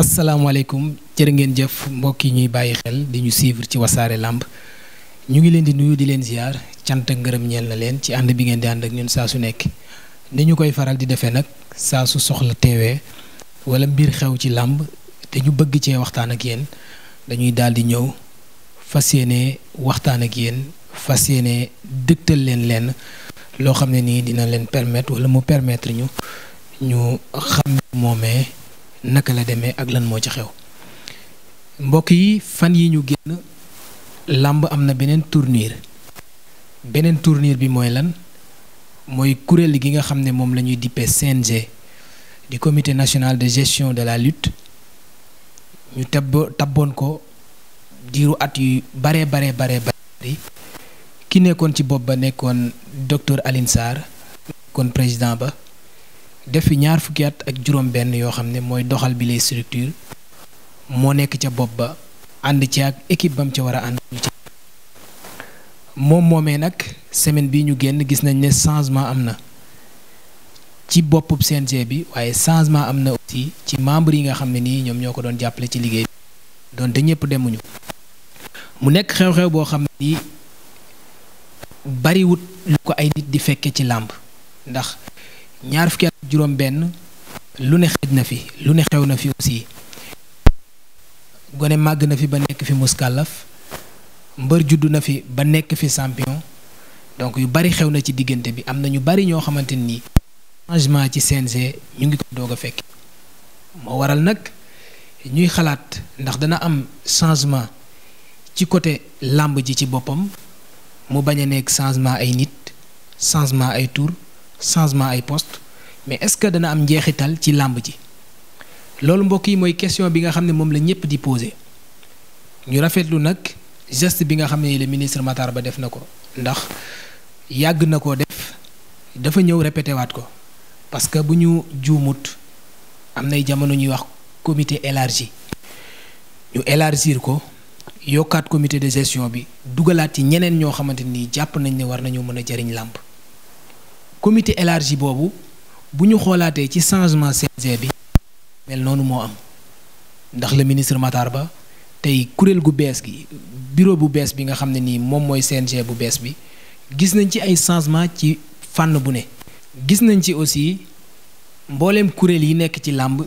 asalaamaaleykum cër ngeen jëf mbokk yi ñuy bàyyi xel di ñu suivre ci wasaare làmb ñu ngi leen di nuyu di leen ziar cant ngërëm ñeel na leen ci ànd bi ngeen di ànd ak ñun saa su nekk ni ñu koy faral di defee nag saa su soxla teewee wala mbir xew ci làmb te ñu bëgg cee waxtaan ak yéen dañuy daal di ñëw fas yéene waxtaan ak yéen fas yéene dëgtal leen lenn loo xam ne nii dina leen permettre wala mu permettre ñu ñu xam moomee. naka la demee ak lan moo ci xew mbokk yi fan yi ñu génn làmb am na beneen tournure beneen tournure bi mooy lan mooy kuréel gi nga xam ne moom la ñuy dippee CNG di comité nationale de gestion de la lutte ñu tabb tabboon ko diiru at yu bare bare bare bari ki nekkoon ci bopp ba nekkoon docteur Alioune Sarr nekkoon président ba def fi ñaar fukki at ak juróom-benn yoo xam ne mooy doxal bi les moo nekk ca bopp ba ànd ci ak équipe bam ca war a ànd. moom moomee nag semaine bi ñu génn gis nañ ne changement am na ci boppub CNG bi waaye changement am na aussi ci membres yi nga xam ne nii ñoom ñoo ko doon jàppale ci liggéey bi doonte ñëpp demuñu mu nekk xew-xew boo xam ne nii bariwut lu ko ay nit di fekkee ci làmb ndax ñaar fukki at juróom benn lu ne xëj na fi lu ne xew na fi aussi gone màgg na fi ba nekk fi muskàllaf mbër juddu na fi ba nekk fi champion donc yu bari xew na ci diggante bi am na ñu bari ñoo xamante ni changement ci CNG ñu ngi ko doog a fekk moo waral nag ñuy xalaat ndax dana am changement ci côté làmb ji ci boppam mu bañ a nekk changement ay nit changement ay tur changement ay poste mais est-ce que dana am njeexital ci làmb ji loolu mbokk yi mooy question bi nga xam ne moom la ñëpp di posé ñu rafetlu nag geste bi nga xam ne le ministre Matar Ba def na ko ndax yàgg na ko def dafa ñëw répété waat ko parce que bu ñu juumut am nay jamono ñuy wax comité élargie ñu élargir ko yokkaat comité de gestion bi dugalaat yi ñeneen ñoo xamante ni jàpp nañ ne war nañoo mën a jariñ làmb comité élargi boobu bu ñu xoolaatee ci changement CNG bi mel noonu moo am ndax le ministre Matar Ba tey kuréel gu bees gi bureau bu bees bi nga xam ne nii moom mooy CNG bu bees bi gis nañ ci ay changement ci fànn bu ne. gis nañ ci aussi mbooleem kuréel yi nekk ci làmb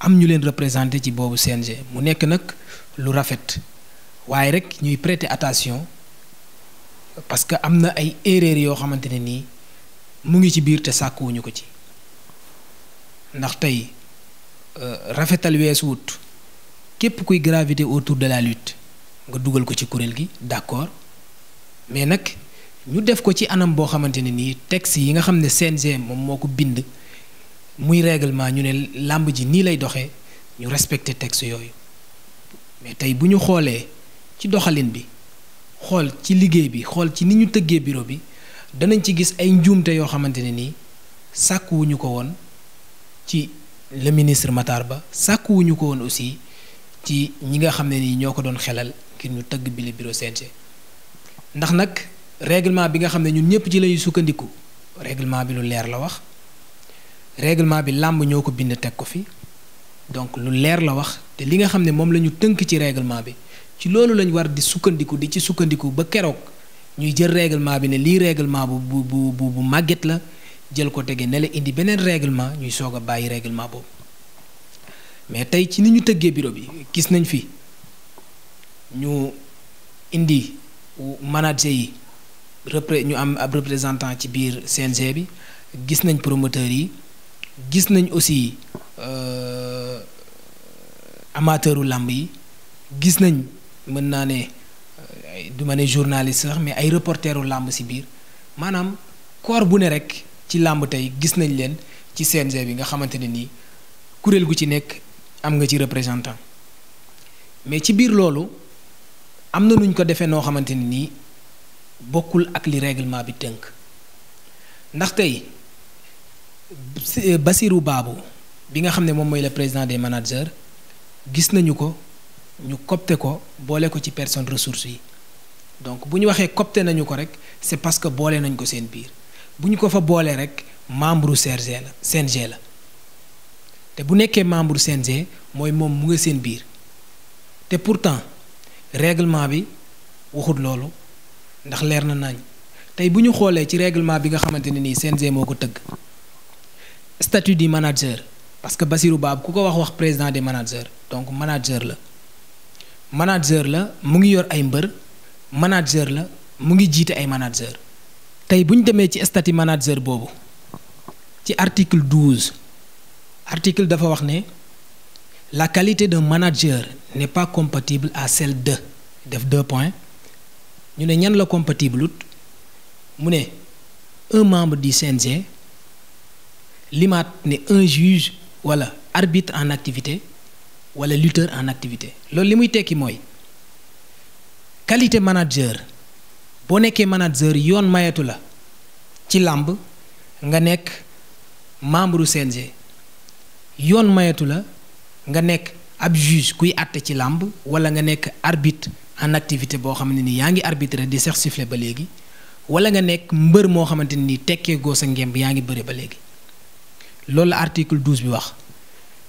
am ñu leen représenté ci boobu CNG mu nekk nag lu rafet waaye rek ñuy prêter attention parce que am na ay erreurs yoo xamante ne nii. mu ngi ci biir te sàkk sàkkuwuñu ko ci ndax tey euh, rafetal weesu wut képp kuy gravité autour de la lutte nga dugal ko ci kuréel gi d'accord mais nag ñu def ko ci anam boo xamante ne nii texte yi nga xam ne CNG moom moo ko bind muy réglement ñu ne làmb ji nii lay doxee ñu respecté texte yooyu mais tey bu ñu xoolee ci doxalin bi xool ci liggéey bi xool ci ni ñu tëggee bureau bi danañ ci gis ay njuumte yoo xamante ne nii sàkkuwuñu ko woon ci le ministre Matar Ba sàkk sàkkuwuñu ko woon aussi ci ñi nga xam ne nii ñoo ko doon xelal ngir ñu tëgg bi le bureau CNG ndax nag réglement bi nga xam ne ñun ñëpp ci lañuy sukkandiku réglement bi lu leer la wax réglement bi làmb ñoo ko bind teg ko fi donc lu leer la wax te li nga xam ne moom la ñu tënk ci réglement bi ci loolu lañu war di sukkandiku di ci sukkandiku ba keroog. ñuy jël réglement bi ne lii réglement bu bu bu bu màgget la jël ko tege ne la indi beneen réglement ñuy soog a bàyyi règlement boobu mais tey ci ni ñu tëggee bureau bi gis nañ fi ñu indi manager yi repré ñu am ab représentant ci biir CNG bi gis nañ promoteurs yi gis nañ aussi euh, amateuru làmb yi gis nañ mën naa ne. du ma ne journaliste sax mais ay reporteru làmb si biir maanaam corps bu ne rek ci làmb tey gis nañ leen ci CNG bi nga xamante ne nii kuréel gu ci nekk am nga ci représentant mais ci biir loolu am na nuñ ko defee noo xamante ne nii bokkul ak li règlement bi tënk ndax tey euh, Basirou baabu bi nga xam ne moom mooy le président des managers gis nañu ko ñu copte ko boole ko ci personne ressource yi donc bu ñu waxee copte nañu ko rek c'est parce que boole nañ ko seen biir bu ñu ko fa boolee rek membre CRG la CNG la te bu nekkee membre CNG mooy moom mu ngi seen biir te pourtant réglement bi waxut loolu ndax leer na nañ tey bu ñu xoolee ci réglement bi nga xamante ne nii CNG moo ko tëgg statut du manager parce que Basirou Baab ku ko wax wax président des managers donc manager la manager la mu ngi yor ay mbër. manager la mu ngi jiite ay manager tey bu ñu demee ci statut manager boobu ci article douze article dafa wax ne la qualité d'un manager ne pas compatible à celle def deux points ñu ne ñan la compatible mu ne un membre di CNG limaat ne un juge wala arbitre en activité wala lutteur en activité loolu li muy tekki mooy. qualité manager boo nekkee manager yoon mayetu la ci làmb nga nekk membre CNG yoon mayetu la nga nekk ab juge kuy àtte ci làmb wala nga nekk arbitre en activité boo xam ne ni yaa ngi arbitre di sex sifflet ba léegi wala nga nekk mbër moo xamante ni tekkee goo sa ngemb yaa ngi bëre ba léegi loolu la article 12 bi wax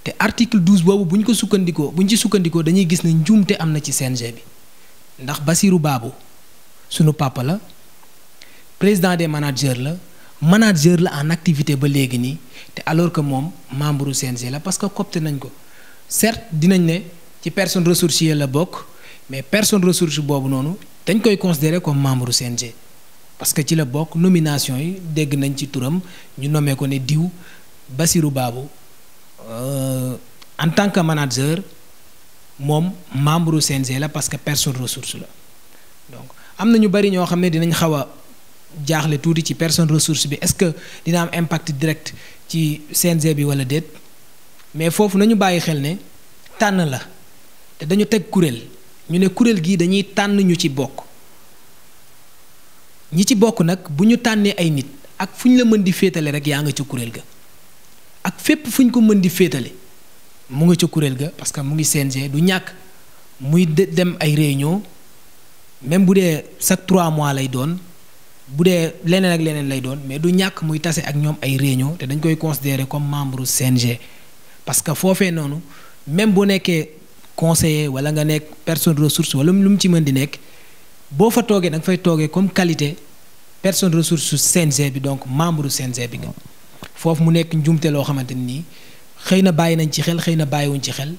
te article 12 boobu bu ñu ko sukkandikoo bu ñu ci sukkandikoo dañuy gis ne njuumte am na ci CNG bi ndax Basirou baabu sunu papa la président des managers la manager la en activité ba léegi nii te alors que moom membre CNG la parce que copte nañ ko certes dinañ ne ci personne ressource yi la bokk mais personne resource boobu noonu dañ koy considérer comme membre CNG parce que ci la bokk nomination yi dégg nañ ci turam ñu nommé ko ne diw Basirou Babou euh, en tant que manager moom membre CNG la parce que personne ressource la donc am na ñu bari ñoo xam ne dinañ xaw a jaaxle tuuti ci personne ressource bi est-ce que dina am impact direct ci CNG bi walla déet mais foofu nañu bàyyi xel ne tànn la te dañu teg kuréel ñu ne kuréel gii dañuy tànn ñu ci bokk ñi ci bokk nag bu ñu tànnee ay nit ak fu ñu la mën di féetale rek yaa nga ci kuréel ga ak fépp fu ñu ko mën di féetale mu ngi ca kuréel ga parce que mu ngi CNG du ñàkk muy dem ay réunion même bu dee chaque trois mois lay doon bu dee leneen ak leneen lay doon mais du ñàkk muy tase ak ñoom ay réunion te dañ koy considérer comme membre CNG parce que foofee noonu même bu nekkee conseiller wala nga nekk personne ressource wala lu mu ci mën di nekk boo fa toogee nag fay toogee comme qualité personne ressource su CNG bi donc membre CNG bi nga foofu mu nekk njuumte loo xamante ni xëy na bàyyi nañ ci xel xëy na bàyyiwuñ ci xel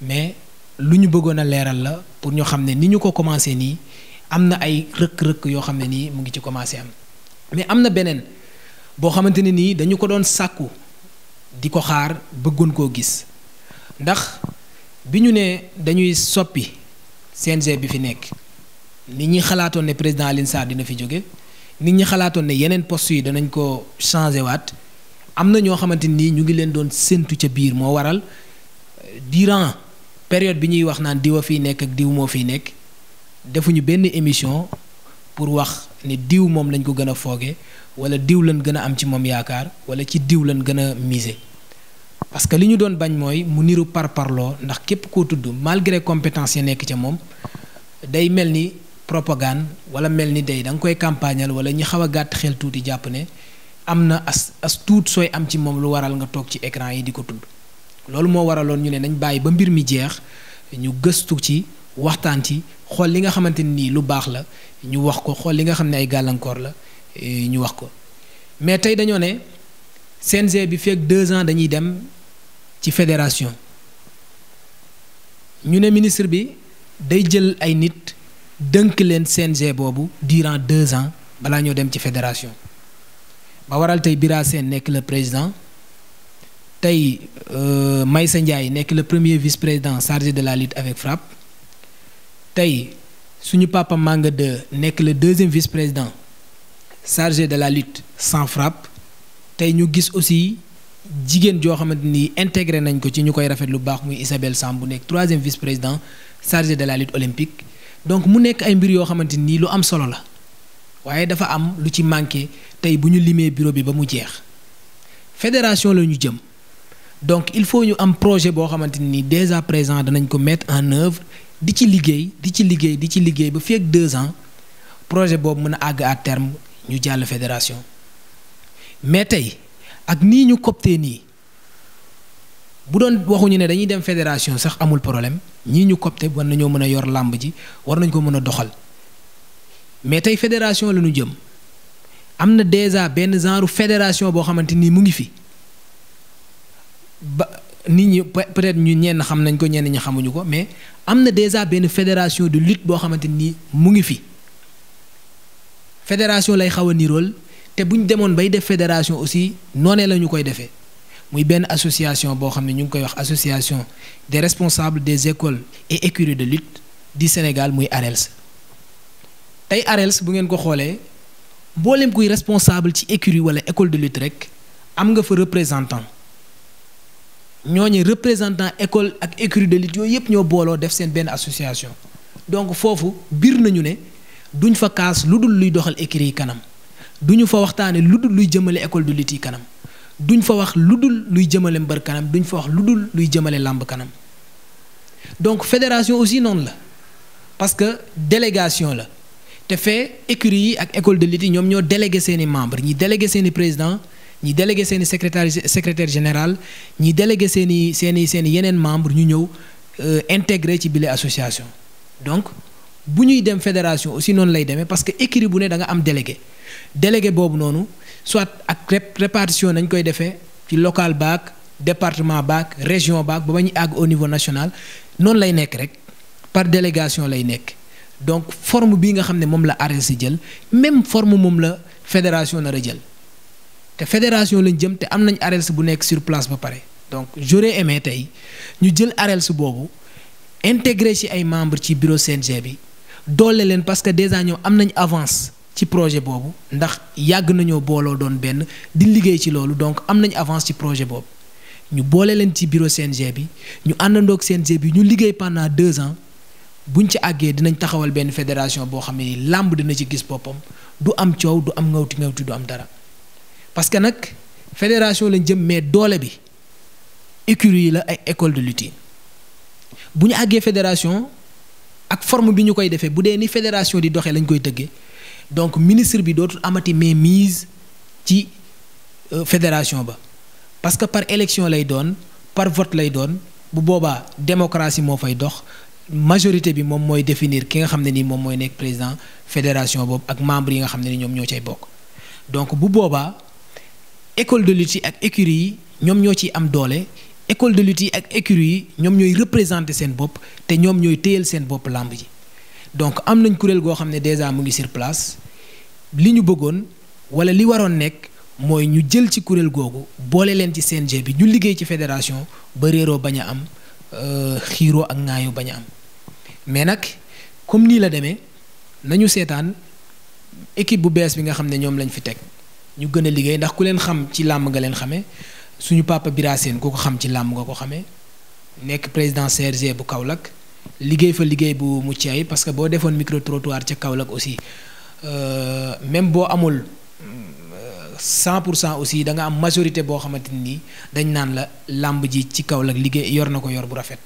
mais lu ñu bëggoon a leeral la pour ñoo xam ne ni ñu ko commencé nii am na ay rëq rëkk yoo xam ne nii mu ngi ci commencé am mais am na beneen boo xamante ne nii dañu ko doon sàkku di ko xaar bëggoon koo gis ndax bi ñu ne dañuy soppi CNG bi fi nekk nit ñi xalaatoon ne président Alioune Sarr dina fi jóge nit ñi xalaatoon ne yeneen post yi danañ ko changé waat am na ñoo xamante nii ñu ngi leen doon séentu ca biir moo waral euh, durant période bi ñuy wax naan diw a fiy nekk ak diw moo fiy nekk defuñu benn émission pour wax ni diw moom lañ ko gën a fooge wala diw lañ gën a am ci moom yaakaar wala ci diw lañ gën a miser parce que li ñu doon bañ mooy mu niru par parloo ndax képp koo tudd malgré compétence ya nekk ca moom day mel ni propagande wala mel ni day da nga koy campagnal wala ñi xaw a gàtt xel tuuti jàpp ne am na as as tuut sooy am ci moom lu waral nga toog ci écran yi di ko tudd loolu moo waraloon ñu ne nañ bàyyi ba mbir mi jeex ñu gëstu ci waxtaan ci xool li nga xamante ni lu baax la ñu wax ko xool li nga xam ne ay gàllankoor la e, ñu wax ko mais tey dañoo ne CNG bi feeg deux ans dañuy dem ci fédération ñu ne ministre bi day jël ay nit dënk leen CNG boobu durant deux ans balaa ñoo dem ci fédération ba waral tey Bira Sène nekk le président tey euh, Maysa Ndiaye nekk le premier vice-président chargé de la lutte avec frappe tey suñu papa Manga 2 nekk le deuxième vice-président chargé de la lutte sans frappe tey ñu gis aussi jigéen joo xamante ni intégré nañ ko ci ñu koy rafet lu baax muy Isabelle Samb bu nekk troisième vice-président chargé de la lutte olympique donc mu nekk ay mbir yoo xamante ni lu am solo la waaye dafa am lu ci manqué tey bu ñu limee bureau bi ba mu jeex fédération la ñu jëm donc il faut ñu am projet boo xamante ni dès à présent danañ ko mettre en œuvre di ci liggéey di ci liggéey di ci liggéey ba fii ak deux ans projet boobu mën a àgg à terme ñu jàll fédération mais tey ak nii ñu coptee nii bu doon waxuñu ne dañuy dem fédération sax amul problème ñii ñu copte war nañoo mën a yor làmb ji war nañ ko mën a doxal mais tey fédération la ñu jëm. am na déjà benn genre fédération boo xamante ni mu ngi fi ba nit ñi peut-être ñu ñenn xam nañ ko ñenn ñi xamuñu ko mais am na déjà benn fédération de lutte boo xamante ni mu ngi fi fédération lay xaw a nirool te buñ demoon bay def fédération aussi noonee la ñu koy defee muy benn association boo xam ne ñu ngi koy wax association des responsables des écoles et écuries de lutte di Sénégal muy ARELS tey ARELS bu ngeen ko xoolee. mboolem kuy responsable ci écurie wala école de lutte rek am nga fa représentant ñoo ñooñu représentant école ak écurie de lutte yooyu yëpp ñoo booloo def seen benn association donc foofu biir nañu ne duñ fa kaas lu dul luy doxal écurie yi kanam duñu fa waxtaane lu dul luy jëmale école de lutte yi kanam duñu fa wax lu dul luy jëmale mbër kanam duñ fa wax lu dul luy jëmale làmb kanam donc fédération aussi noonu la parce que délégation la te fee yi ak école de lutte ñoom ñoo délégué seeni membre ñi délégué seeni président ñi délégué seeni i secretaire général ñi délégué seeni seeni seen i yeneen membre ñu ñëw euh, intégré ci bile association donc bu ñuy dem fédération aussi noonu lay demee parce que écurie bu ne danga am délégué délégué boobu noonu soit ak répartition nañ koy defee ci local baak département baak région baak ba ba ñuy àgg au niveau national noonu lay nekk rek par délégation lay nekk donc forme bii nga xam ne moom la arrêté jël même forme moom la fédération nar a jël te fédération lañ jëm te am nañ arrêté bu nekk sur place ba pare donc j'aurais aimé tey ñu jël arrêté boobu intégré ci ay membres ci bureau CNG bi doole leen parce que déjà ñoom am nañ avance ci projet boobu ndax yàgg nañoo booloo doon benn di liggéey ci loolu donc am nañ avance ci projet boobu ñu boole leen ci bureau CNG bi ñu àndandoog CNG bi ñu liggéey pendant deux ans. buñ ci àggee dinañ taxawal benn fédération boo xam ne làmb dina ci gis boppam du am coow du am ngawti ngawti du am dara parce que nag fédération lañ jëm mais doole bi écurie yi la ay école de lutte bu ñu àggee fédération ak forme bi ñu koy defee bu dee ni fédération di doxee lañ koy tëggee donc ministre bi dootul amati mais mise ci euh, fédération ba parce que par élection lay doon par vote lay doon bu boobaa démocratie moo fay dox majorité bi moom mooy définir ki nga xam ne ni moom mooy nekk président fédération boobu ak membres yi nga xam ne ni ñoom ñoo cay bokk donc bu boobaa école de lutte yi ak écurie yi ñoom ñoo ciy am doole école de lutte ak écurie yi ñoom ñooy représenter seen bopp te ñoom ñooy téyal seen bopp làmb ji donc am nañ kuréel goo xam ne déjà mu ngi sur place li ñu bëggoon wala li waroon nekk mooy ñu jël ci kuréel googu boole leen ci seen CNG bi ñu liggéey ci fédération ba réeroo bañ a am euh, xiiroo ak ŋaayoo bañ am. mais nag comme nii la demee nañu seetaan équipe bu bees bi nga xam ne ñoom lañ fi teg ñu gën a liggéey ndax ku leen xam ci làmb nga leen xamee suñu papa Bira Sène ku ko xam ci làmb nga ko xamee nekk président CRG bu Kaolack liggéey fa liggéey bu mucc ayib parce que boo defoon micro trottoir ca Kaolack aussi euh, même boo amul cent pour cent aussi danga am majorité boo xamante ni dañ naan la làmb ji ci kaw la liggéey yor na ko yor bu rafet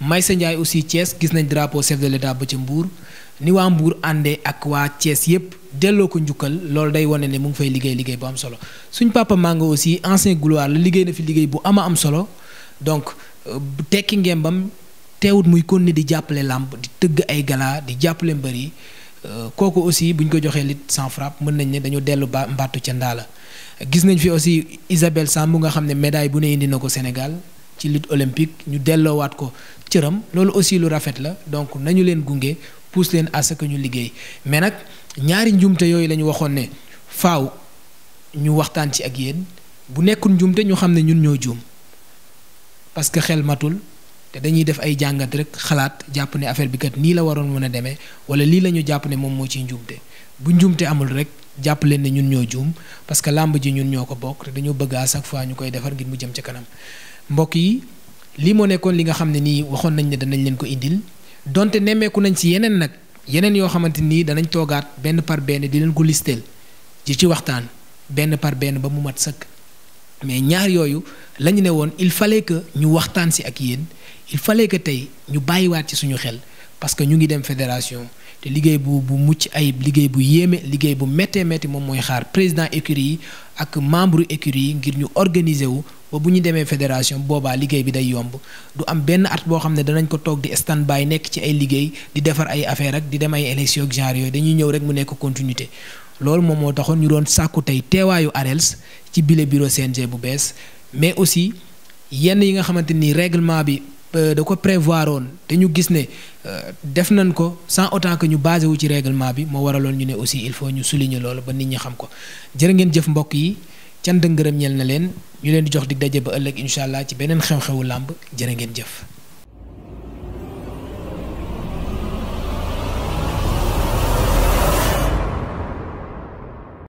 may sa Ndiaye aussi cees gis nañ drapeau chef de l'état ba ci mbuur ni waa mbuur àndee ak waa cees yépp delloo ko njukkal loolu day wane ne mu ngi fay liggéey liggéey bu am solo suñ papa Manga aussi ancien gloire la liggéey na fi bu ama am solo donc tekki ngembam teewut muy kon ni di jàppale làmb di tëgg ay gala di jàppale mbër yi Euh, kooku aussi bu ñu ko joxee lit sans frappe mën nañ ne dañu dellu ba ca ndaala gis nañ fi aussi Isabelle Samb nga xam ne médaille bu ne indi na ko senegal ci lutte olympique ñu delloowaat ko cëram loolu aussi lu rafet la donc nañu leen gunge pousse leen à ce que ñu liggéey mais nag ñaari njumte yooyu la ñu waxoon ne faaw ñu waxtaan ci ak yéen bu nekkul njumte ñu xam ne ñun ñoo juum parce que xel matul te dañuy def ay jàngat rek xalaat jàpp ne affaire bi kat nii la waroon mën a demee wala lii la ñu jàpp ne moom moo ciy njuumte bu njuumte amul rek jàpp leen ne ñun ñoo juum parce que làmb ji ñun ñoo ko bokk te dañoo bëgg à chaque fois ñu koy defar ngir mu jëm ca kanam mbokk yi lii moo nekkoon li nga xam ne nii waxoon nañ ne danañ leen ko indil donte nemmeeku nañ ci yeneen nag yeneen yoo xamante nii danañ toogaat benn par benn di leen ko listeel ji ci waxtaan benn par benn ba mu mat sëkk mais ñaar yooyu la ñu ne woon il fale que ñu waxtaan si ak yéen il fallait que tey ñu bàyyiwaat ci suñu xel parce que ñu ngi dem fédération te liggéey bu bu mucc ayib liggéey bu yéeme liggéey bu méttee métti moom mooy xaar président écurie yi ak membre écurie yi ngir ñu organiser wu ba bu ñu demee fédération boobaa liggéey bi day yomb du am benn at boo xam ne danañ ko toog di stand by nekk ci ay liggéey di defar ay affaire ak di dem ay élection genre yooyu dañuy ñëw rek mu nekk continuité loolu moom moo taxoon ñu doon sàkku tey teewaayu AREELS ci bile bureau CNG bu bees mais aussi yenn yi nga xamante ni réglement bi euh, da ko prévoir woon dañu gis ne euh, def nan ko sans autant que ñu basé wu ci règlement bi moo waraloon ñu ne aussi il faut ñu souligner loolu ba nit ñi xam ko jër ngeen jëf mbokk yi cant ngërëm ñel na leen ñu leen di jox di daje ba ëllëg incha allah ci beneen xew-xewu làmb jër ngeen jëf.